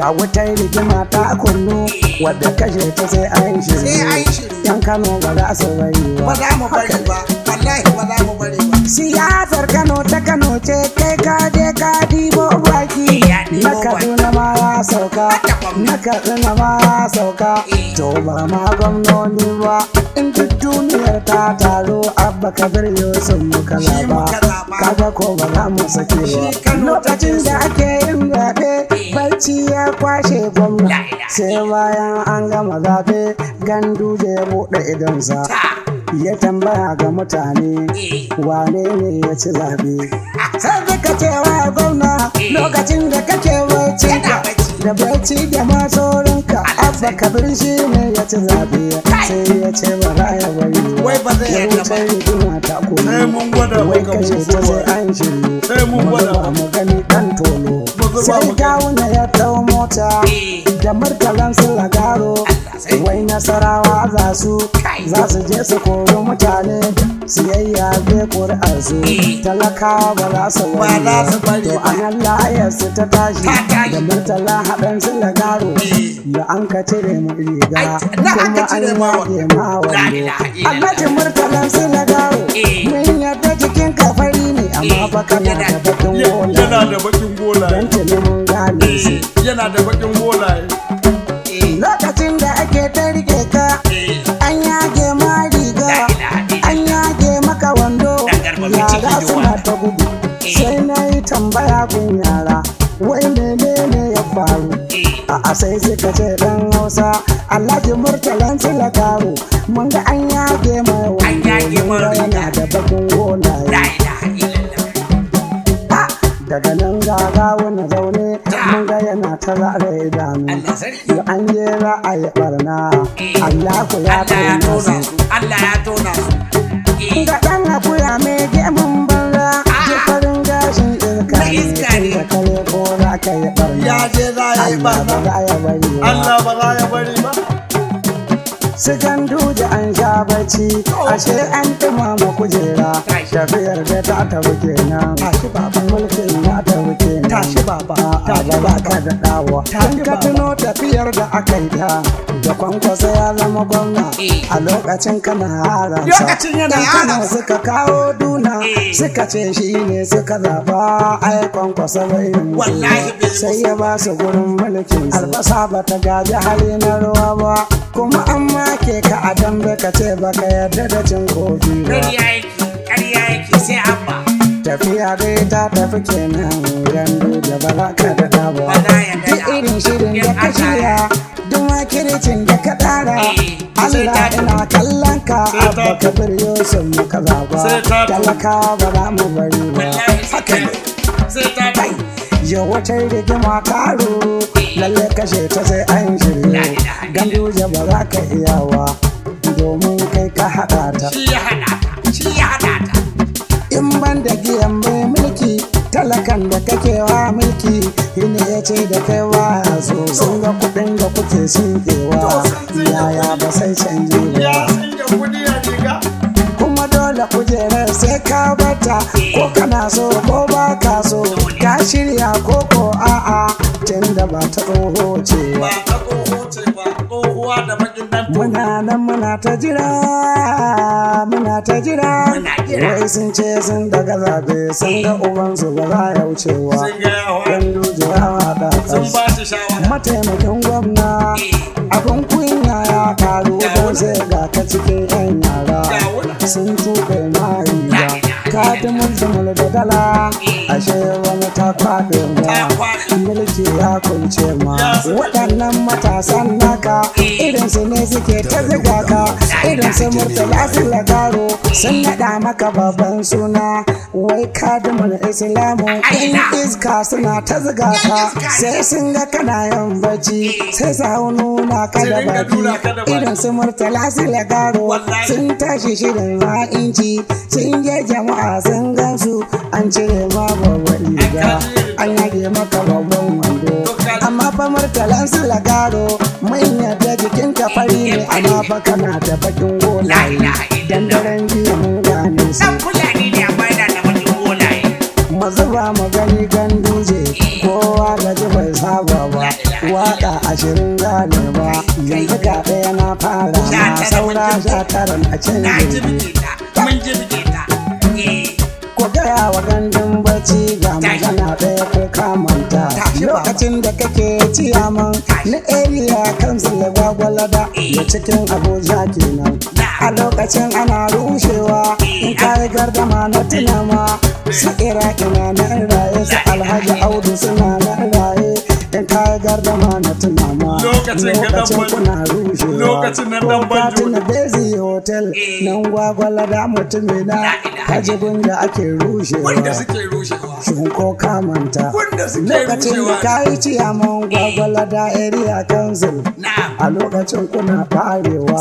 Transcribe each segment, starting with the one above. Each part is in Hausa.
ga wata rigima ta kullu wadda kashe ta sai an shiru yan kano ba za su bari ba za mu bari ba wallahi ba za mu bari ba siyasar kano ta kano ce kai ka je ka dibo baki eh, na kaduna ma ya sauka na kaduna ma ya sauka to ba ma gwamnoni ba in duk duniyar ta taro abba kabir yusuf mu kala ba kaga ko ba za mu sake ba lokacin da ake yi bacci ya kwashe gwamna sai bayan an gama zafi gandu da ya buɗe idonsa ya tambaya ga mutane eh. wane ne ya ci zaɓe sai duka cewa gwamna eh. lokacin da kake bacci da bacci da masorinka abba kabir shi ne ya ci zaɓe sai ya ce ba raya bari ya wuce rigima ta kuma wai kashe ta sai an shiru sai mu gwada mu gani ɗan tolo sai ta mata eh. da murtalan su lagaro wai nasarawa za su za su je su kori mutane siyayya be ƙuri'ar su eh. talakawa ba za su bari to anan layar su ta tashi da murtala haɗin su lagaro eh. da an ka cire mu riga kuma an yi ma wani alhaji murtalan su lagaro mun yadda cikin kafari ne amma baka na da bakin gola yana da bakin holaye eh, lokacin da ake ta rike ka eh. an yage ma riga an yage maka wando yara suna ta gudu eh. sai na yi tambaya kun yara wai menene ya faru a sai ka ce dan hausa alhaji murtalan sila karo mun ga an yage ma wando yana da bakin holaye ah, daga nan gaga wani zaune ta za da idanu da an je za a yi barna eh. Allah ku ya tona su Allah ya tona su eh. ga dan akuya mai gemun banza ah. ke farin gashi iska ne ka kare ko za ka yi barna ya je za a yi barna Allah ba za ya bari ba su da an sha bacci oh. ashe an mu kujera tafiyar da ta tabu kenan mulkin ya tabu kenan tashi baba gwamna da kwankwasa ya zama gwamna eh. a lokacin kana haransa lokacin suka kawo duna eh. suka ce shi ne suka zaba ai kwankwasa bai sai ya ba su gurin mulkin albasa ba ta gaji hali na ruwa ba kuma an make ka a dambe ka ce baka yarda da cin kofi ba tafiya dai ta tafi kenan yanzu da balaka da daba duk irin shirin da kashiya. kircin da ka tsara eh, eh, Allah ina kallon ka abba ka bar Yusuf muka baba talaka ba za mu bari ba haka ne ya wata rigima karo eh. lalle kashe ta sai an shirya ganduje ba za ka iyawa domin kai ka haɗa ta ce da kaiwa so sun ga kuɗin da kuke sun kewa yaya ba sai canje ba kuma dole kujerar sai ka bata ko kana so ko ba ka so ka shirya ko ko a'a tun da ba ta tsoho cewa. muna nan muna ta jira muna ta jira wai sun ce sun daga zabe sun ga ubansu ba za ya wucewa sun ba mataimakin gwamna abin kunya ya karu don sai ga ta cikin yan yara sun tuka mariya katimin zumul da dala ashe wani ta kwaɗe ma mulki ya kunce ma waɗannan matasan naka irin su ne suke ta ziga ka irin su murtala su garo sun naɗa maka babban suna wai kadimin islamu in iska suna ta ziga ka sai sun ga kana yan bacci sai sa nuna ka da baki irin su murtala su garo sun tashi shirin ra'inci sun je jama'a jama'a sun gansu an cire ma babban riga an yage maka babban wando amma fa murtalan su lagaro manya da jikin ka fari ne amma fa kana da bakin golaye dan daren jiya mun gane su mu zuba mu gani ganduje kowa gaji bai saba ba waka ashirin gane ba yanzu ga ɗaya na fara na saura sha tara na cin lokacin da kake ma na area kan zalaba gwalada da cikin abuja kenan a lokacin ana rushewa in kayi gardama na tunama su ina na raye su alhaji audu suna na raye in kayi gardama na tunama lokacin kuna rushewa lokacin na dan banjo hotel nan gwagwala da mutumi na kajibin da ake rushewa shunko kamanta lokacin da ka yi ciyaman eh. gwagwala da area council a lokacin kuna farewa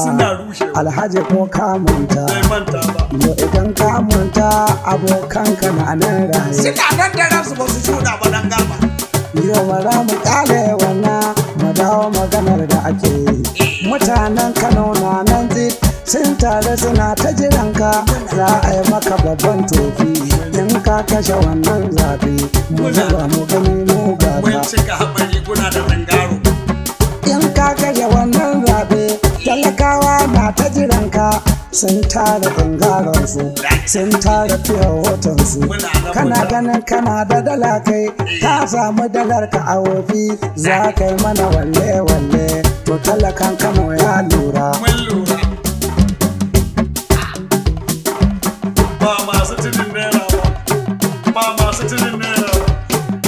alhaji ko kamanta mu idan kamanta abokanka na nan raye suna nan da rasu ba su shuda ba nan yau ma za mu kale wannan mu dawo maganar da ake yi eh. mutanen kano na tare suna ta jiranka za a yi maka babban tofi in ka kashe wannan zafi mu zuba mu gani mu rangaro in ka kashe wannan zafi talakawa na ta jiranka sun tara su sun hoton su kana ganin kana da dala kai eh. ka samu dalar ka a wofi za ka yi mana walle-walle to talakan kamo ya lura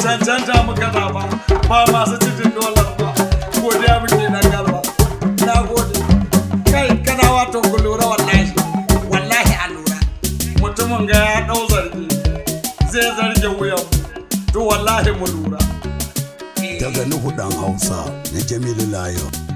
cancanta muka zaba ba masu cikin dolar ba godiya muke na galba na gode kai kana wato ku lura wallahi wallahi a lura mutumin ga ya dau zargi zai zarge wuyan to wallahi mu lura daga nuhu dan hausa na jamilu layo